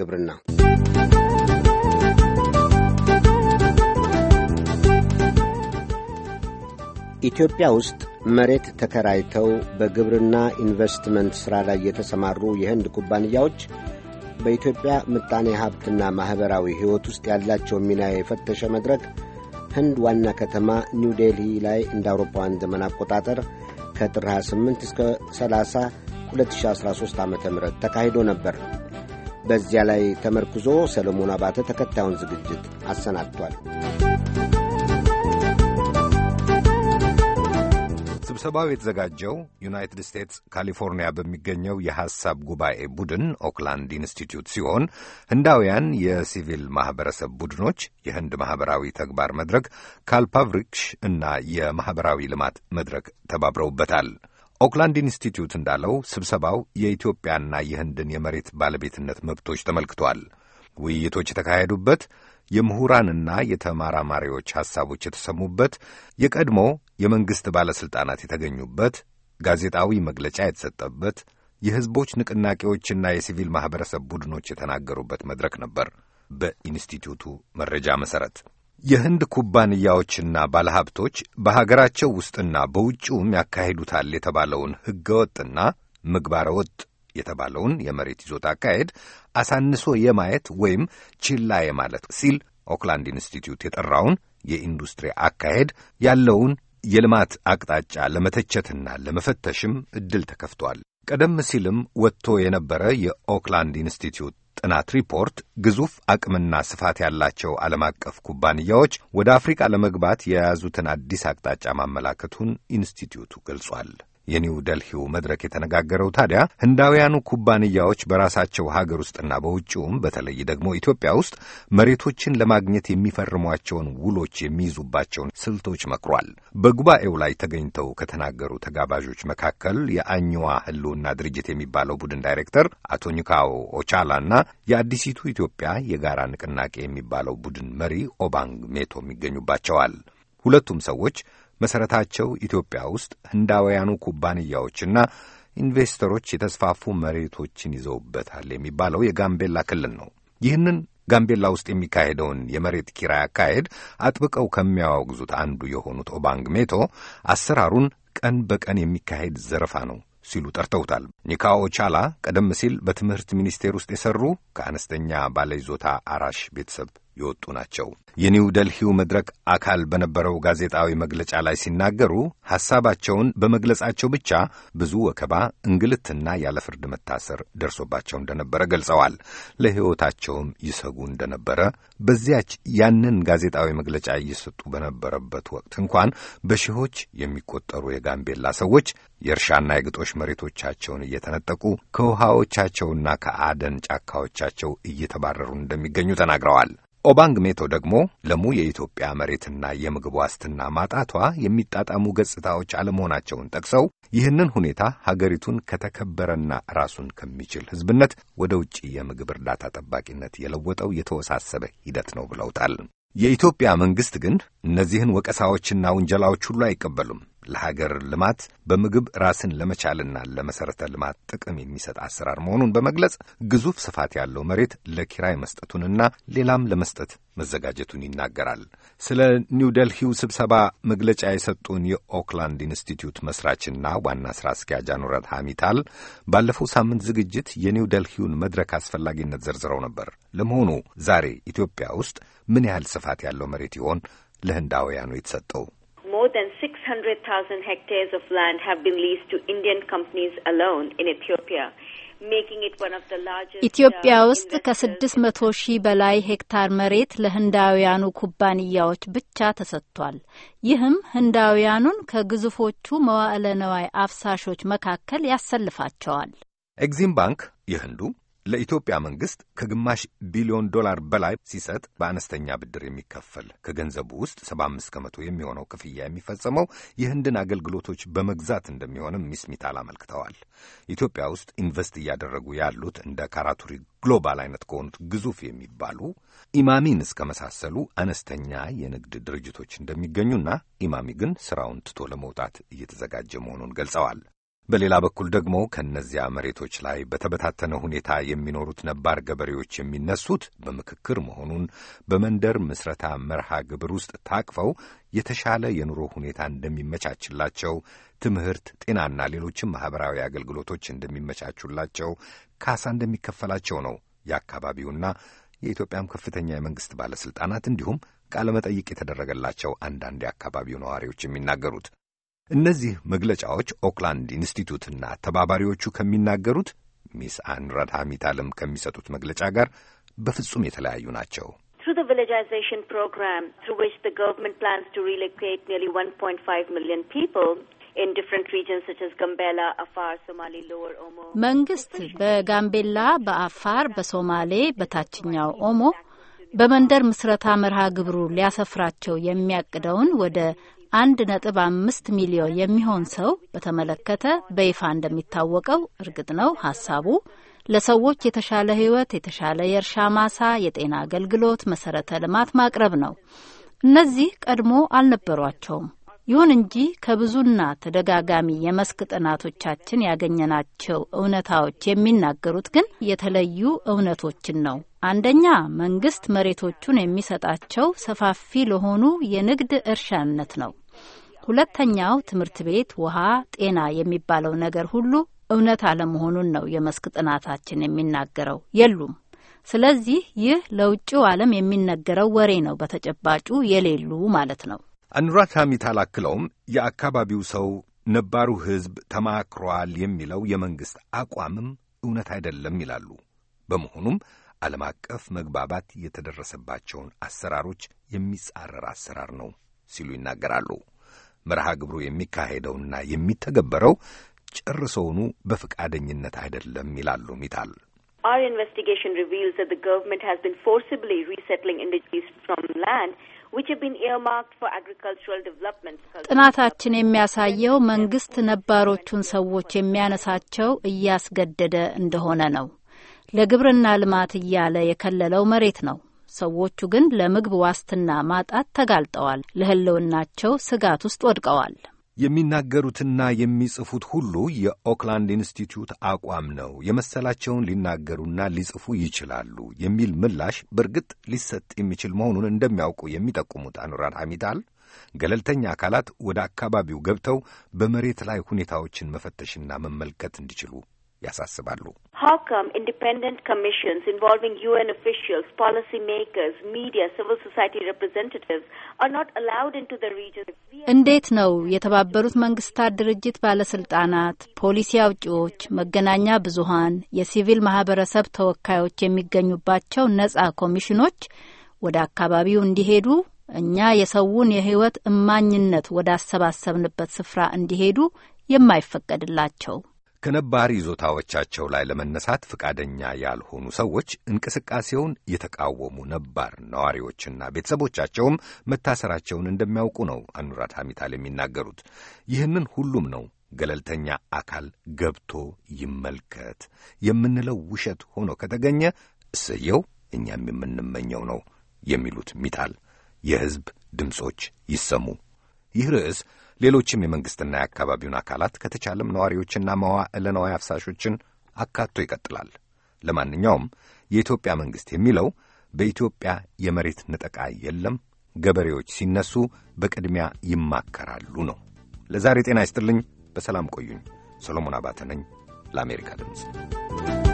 ግብርና ኢትዮጵያ ውስጥ መሬት ተከራይተው በግብርና ኢንቨስትመንት ሥራ ላይ የተሰማሩ የህንድ ኩባንያዎች በኢትዮጵያ ምጣኔ ሀብትና ማኅበራዊ ሕይወት ውስጥ ያላቸውን ሚና የፈተሸ መድረክ ህንድ ዋና ከተማ ኒው ዴልሂ ላይ እንደ አውሮፓውያን ዘመን አቆጣጠር ከጥር 28 እስከ 30 2013 ዓ ም ተካሂዶ ነበር። በዚያ ላይ ተመርኩዞ ሰለሞን አባተ ተከታዩን ዝግጅት አሰናድቷል። ስብሰባው የተዘጋጀው ዩናይትድ ስቴትስ ካሊፎርኒያ በሚገኘው የሐሳብ ጉባኤ ቡድን ኦክላንድ ኢንስቲትዩት ሲሆን ህንዳውያን የሲቪል ማኅበረሰብ ቡድኖች፣ የህንድ ማኅበራዊ ተግባር መድረክ፣ ካልፓቭሪክሽ እና የማኅበራዊ ልማት መድረክ ተባብረውበታል። ኦክላንድ ኢንስቲትዩት እንዳለው ስብሰባው የኢትዮጵያና የህንድን የመሬት ባለቤትነት መብቶች ተመልክቷል። ውይይቶች የተካሄዱበት የምሁራንና የተማራማሪዎች ሐሳቦች የተሰሙበት፣ የቀድሞ የመንግሥት ባለሥልጣናት የተገኙበት፣ ጋዜጣዊ መግለጫ የተሰጠበት፣ የሕዝቦች ንቅናቄዎችና የሲቪል ማኅበረሰብ ቡድኖች የተናገሩበት መድረክ ነበር። በኢንስቲትዩቱ መረጃ መሠረት የህንድ ኩባንያዎችና ባለሀብቶች በሀገራቸው ውስጥና በውጭውም ያካሂዱታል የተባለውን ሕገወጥና ምግባረ ወጥ የተባለውን የመሬት ይዞታ አካሄድ አሳንሶ የማየት ወይም ችላ የማለት ሲል ኦክላንድ ኢንስቲትዩት የጠራውን የኢንዱስትሪ አካሄድ ያለውን የልማት አቅጣጫ ለመተቸትና ለመፈተሽም እድል ተከፍቷል። ቀደም ሲልም ወጥቶ የነበረ የኦክላንድ ኢንስቲትዩት ጥናት ሪፖርት ግዙፍ አቅምና ስፋት ያላቸው ዓለም አቀፍ ኩባንያዎች ወደ አፍሪቃ ለመግባት የያዙትን አዲስ አቅጣጫ ማመላከቱን ኢንስቲትዩቱ ገልጿል። የኒው ደልሂው መድረክ የተነጋገረው ታዲያ ህንዳውያኑ ኩባንያዎች በራሳቸው ሀገር ውስጥና በውጭውም በተለይ ደግሞ ኢትዮጵያ ውስጥ መሬቶችን ለማግኘት የሚፈርሟቸውን ውሎች የሚይዙባቸውን ስልቶች መክሯል። በጉባኤው ላይ ተገኝተው ከተናገሩ ተጋባዦች መካከል የአኝዋ ህልውና ድርጅት የሚባለው ቡድን ዳይሬክተር አቶ ኒካዎ ኦቻላ የአዲሲቱ ኢትዮጵያ የጋራ ንቅናቄ የሚባለው ቡድን መሪ ኦባንግ ሜቶም ይገኙባቸዋል። ሁለቱም ሰዎች መሠረታቸው ኢትዮጵያ ውስጥ ህንዳውያኑ ኩባንያዎችና ኢንቨስተሮች የተስፋፉ መሬቶችን ይዘውበታል የሚባለው የጋምቤላ ክልል ነው። ይህንን ጋምቤላ ውስጥ የሚካሄደውን የመሬት ኪራይ አካሄድ አጥብቀው ከሚያወግዙት አንዱ የሆኑት ኦባንግ ሜቶ አሰራሩን ቀን በቀን የሚካሄድ ዘረፋ ነው ሲሉ ጠርተውታል። ኒካኦ ቻላ ቀደም ሲል በትምህርት ሚኒስቴር ውስጥ የሰሩ ከአነስተኛ ባለይዞታ አራሽ ቤተሰብ የወጡ ናቸው። የኒው ደልሂው መድረክ አካል በነበረው ጋዜጣዊ መግለጫ ላይ ሲናገሩ ሐሳባቸውን በመግለጻቸው ብቻ ብዙ ወከባ፣ እንግልትና ያለ ፍርድ መታሰር ደርሶባቸው እንደነበረ ገልጸዋል። ለሕይወታቸውም ይሰጉ እንደነበረ በዚያች ያንን ጋዜጣዊ መግለጫ እየሰጡ በነበረበት ወቅት እንኳን በሺዎች የሚቆጠሩ የጋምቤላ ሰዎች የእርሻና የግጦሽ መሬቶቻቸውን እየተነጠቁ ከውሃዎቻቸውና ከአደን ጫካዎቻቸው እየተባረሩ እንደሚገኙ ተናግረዋል። ኦባንግ ሜቶ ደግሞ ለሙ የኢትዮጵያ መሬትና የምግብ ዋስትና ማጣቷ የሚጣጣሙ ገጽታዎች አለመሆናቸውን ጠቅሰው ይህንን ሁኔታ ሀገሪቱን ከተከበረና ራሱን ከሚችል ሕዝብነት ወደ ውጭ የምግብ እርዳታ ጠባቂነት የለወጠው የተወሳሰበ ሂደት ነው ብለውታል። የኢትዮጵያ መንግስት ግን እነዚህን ወቀሳዎችና ውንጀላዎች ሁሉ አይቀበሉም። ለሀገር ልማት በምግብ ራስን ለመቻልና ለመሰረተ ልማት ጥቅም የሚሰጥ አሰራር መሆኑን በመግለጽ ግዙፍ ስፋት ያለው መሬት ለኪራይ መስጠቱንና ሌላም ለመስጠት መዘጋጀቱን ይናገራል። ስለ ኒው ደልሂው ስብሰባ መግለጫ የሰጡን የኦክላንድ ኢንስቲትዩት መስራችና ዋና ስራ አስኪያጅ አኑረት ሀሚታል ባለፈው ሳምንት ዝግጅት የኒው ደልሂውን መድረክ አስፈላጊነት ዘርዝረው ነበር። ለመሆኑ ዛሬ ኢትዮጵያ ውስጥ ምን ያህል ስፋት ያለው መሬት ይሆን ለህንዳውያኑ የተሰጠው? 800,000 hectares of land have been leased to Indian companies alone in Ethiopia. ኢትዮጵያ uh, ውስጥ ከ መቶ ሺህ በላይ ሄክታር መሬት ለህንዳውያኑ ኩባንያዎች ብቻ ተሰጥቷል። ይህም ህንዳውያኑን ከግዙፎቹ መዋዕለ ነዋይ አፍሳሾች መካከል ያሰልፋቸዋል። ኤግዚም ባንክ የህንዱ ለኢትዮጵያ መንግሥት ከግማሽ ቢሊዮን ዶላር በላይ ሲሰጥ በአነስተኛ ብድር የሚከፈል ከገንዘቡ ውስጥ 75 ከመቶ የሚሆነው ክፍያ የሚፈጸመው የህንድን አገልግሎቶች በመግዛት እንደሚሆንም ሚስ ሚታል አመልክተዋል። ኢትዮጵያ ውስጥ ኢንቨስት እያደረጉ ያሉት እንደ ካራቱሪ ግሎባል አይነት ከሆኑት ግዙፍ የሚባሉ ኢማሚን እስከ መሳሰሉ አነስተኛ የንግድ ድርጅቶች እንደሚገኙና ኢማሚ ግን ስራውን ትቶ ለመውጣት እየተዘጋጀ መሆኑን ገልጸዋል። በሌላ በኩል ደግሞ ከእነዚያ መሬቶች ላይ በተበታተነ ሁኔታ የሚኖሩት ነባር ገበሬዎች የሚነሱት በምክክር መሆኑን በመንደር ምስረታ መርሃ ግብር ውስጥ ታቅፈው የተሻለ የኑሮ ሁኔታ እንደሚመቻችላቸው፣ ትምህርት፣ ጤናና ሌሎችም ማኅበራዊ አገልግሎቶች እንደሚመቻቹላቸው፣ ካሳ እንደሚከፈላቸው ነው የአካባቢውና የኢትዮጵያም ከፍተኛ የመንግሥት ባለሥልጣናት እንዲሁም ቃለመጠይቅ የተደረገላቸው አንዳንድ የአካባቢው ነዋሪዎች የሚናገሩት። እነዚህ መግለጫዎች ኦክላንድ ኢንስቲቱትና ተባባሪዎቹ ከሚናገሩት ሚስ አን ረድሃሚት አለም ከሚሰጡት መግለጫ ጋር በፍጹም የተለያዩ ናቸው። መንግስት በጋምቤላ፣ በአፋር፣ በሶማሌ፣ በታችኛው ኦሞ በመንደር ምስረታ መርሃ ግብሩ ሊያሰፍራቸው የሚያቅደውን ወደ አንድ ነጥብ አምስት ሚሊዮን የሚሆን ሰው በተመለከተ በይፋ እንደሚታወቀው እርግጥ ነው ሀሳቡ ለሰዎች የተሻለ ህይወት የተሻለ የእርሻ ማሳ፣ የጤና አገልግሎት፣ መሰረተ ልማት ማቅረብ ነው። እነዚህ ቀድሞ አልነበሯቸውም። ይሁን እንጂ ከብዙና ተደጋጋሚ የመስክ ጥናቶቻችን ያገኘናቸው እውነታዎች የሚናገሩት ግን የተለዩ እውነቶችን ነው። አንደኛ መንግስት መሬቶቹን የሚሰጣቸው ሰፋፊ ለሆኑ የንግድ እርሻነት ነው። ሁለተኛው ትምህርት ቤት፣ ውሃ፣ ጤና የሚባለው ነገር ሁሉ እውነት አለመሆኑን ነው የመስክ ጥናታችን የሚናገረው። የሉም። ስለዚህ ይህ ለውጭው ዓለም የሚነገረው ወሬ ነው፣ በተጨባጩ የሌሉ ማለት ነው። አኑራት ሀሚት አላክለውም የአካባቢው ሰው ነባሩ ሕዝብ ተማክሯል የሚለው የመንግሥት አቋምም እውነት አይደለም ይላሉ። በመሆኑም ዓለም አቀፍ መግባባት የተደረሰባቸውን አሰራሮች የሚጻረር አሰራር ነው ሲሉ ይናገራሉ። መርሃ ግብሩ የሚካሄደውና የሚተገበረው ጨርሶውኑ በፈቃደኝነት አይደለም ይላሉ ሚታል። Our investigation reveals that the government has been forcibly resettling indigenous from land ጥናታችን የሚያሳየው መንግስት ነባሮቹን ሰዎች የሚያነሳቸው እያስገደደ እንደሆነ ነው። ለግብርና ልማት እያለ የከለለው መሬት ነው። ሰዎቹ ግን ለምግብ ዋስትና ማጣት ተጋልጠዋል። ለህልውናቸው ስጋት ውስጥ ወድቀዋል። የሚናገሩትና የሚጽፉት ሁሉ የኦክላንድ ኢንስቲትዩት አቋም ነው፣ የመሰላቸውን ሊናገሩና ሊጽፉ ይችላሉ የሚል ምላሽ በእርግጥ ሊሰጥ የሚችል መሆኑን እንደሚያውቁ የሚጠቁሙት አኑራን ሐሚታል ገለልተኛ አካላት ወደ አካባቢው ገብተው በመሬት ላይ ሁኔታዎችን መፈተሽና መመልከት እንዲችሉ ያሳስባሉ። How come independent commissions involving UN officials, policymakers, media, civil society representatives are not allowed into the region? እንዴት ነው የተባበሩት መንግስታት ድርጅት ባለስልጣናት፣ ፖሊሲ አውጪዎች፣ መገናኛ ብዙሃን፣ የሲቪል ማህበረሰብ ተወካዮች የሚገኙባቸው ነጻ ኮሚሽኖች ወደ አካባቢው እንዲሄዱ እኛ የሰውን የህይወት እማኝነት ወዳሰባሰብንበት ስፍራ እንዲሄዱ የማይፈቀድላቸው? ከነባር ይዞታዎቻቸው ላይ ለመነሳት ፈቃደኛ ያልሆኑ ሰዎች እንቅስቃሴውን የተቃወሙ ነባር ነዋሪዎችና ቤተሰቦቻቸውም መታሰራቸውን እንደሚያውቁ ነው አኑራት ሀሚታል የሚናገሩት። ይህንን ሁሉም ነው ገለልተኛ አካል ገብቶ ይመልከት የምንለው ውሸት ሆኖ ከተገኘ እሰየው፣ እኛም የምንመኘው ነው የሚሉት ሚታል። የሕዝብ ድምፆች ይሰሙ። ይህ ርዕስ ሌሎችም የመንግሥትና የአካባቢውን አካላት ከተቻለም ነዋሪዎችና መዋዕለ ነዋይ አፍሳሾችን አካቶ ይቀጥላል። ለማንኛውም የኢትዮጵያ መንግሥት የሚለው በኢትዮጵያ የመሬት ንጠቃ የለም፣ ገበሬዎች ሲነሱ በቅድሚያ ይማከራሉ ነው። ለዛሬ ጤና ይስጥልኝ። በሰላም ቆዩኝ። ሰሎሞን አባተ ነኝ ለአሜሪካ ድምፅ